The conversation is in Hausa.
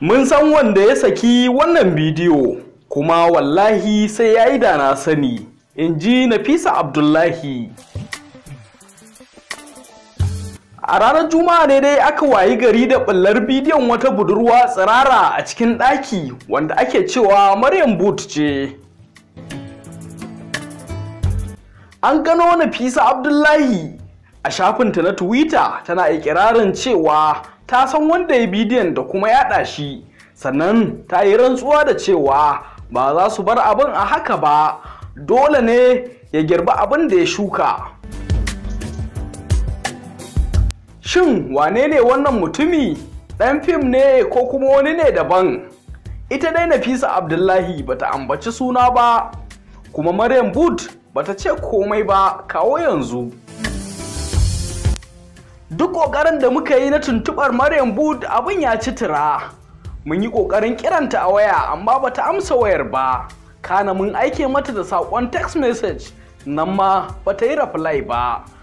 Mun san wanda ya saki wannan bidiyo kuma wallahi sai ya yi da na sani, in ji Nafisa Abdullahi. A ranar Juma'a ne dai aka wayi gari da ɓullar bidiyon wata budurwa tsirara a cikin ɗaki wanda ake cewa Maryam Boot ce. An gano Nafisa Abdullahi a shafinta na Twitter tana ikirarin cewa ta san wanda ya bidiyon da kuma yaɗa shi sannan ta yi rantsuwa da cewa ba za su bar abin a haka ba dole ne ya girba abin da ya shuka shin wane ne wannan mutumi ɗan fim ne ko kuma wani ne daban ita dai nafisa abdullahi bata ambaci suna ba kuma maryam boot bata ce komai ba kawo yanzu ƙoƙarin da muka yi na tuntuɓar Maryam Bud abin ya ci tura. Mun yi ƙoƙarin kiranta a waya amma bata amsa wayar ba. Kana mun aike mata da saƙon text message nan ma bata yi reply ba.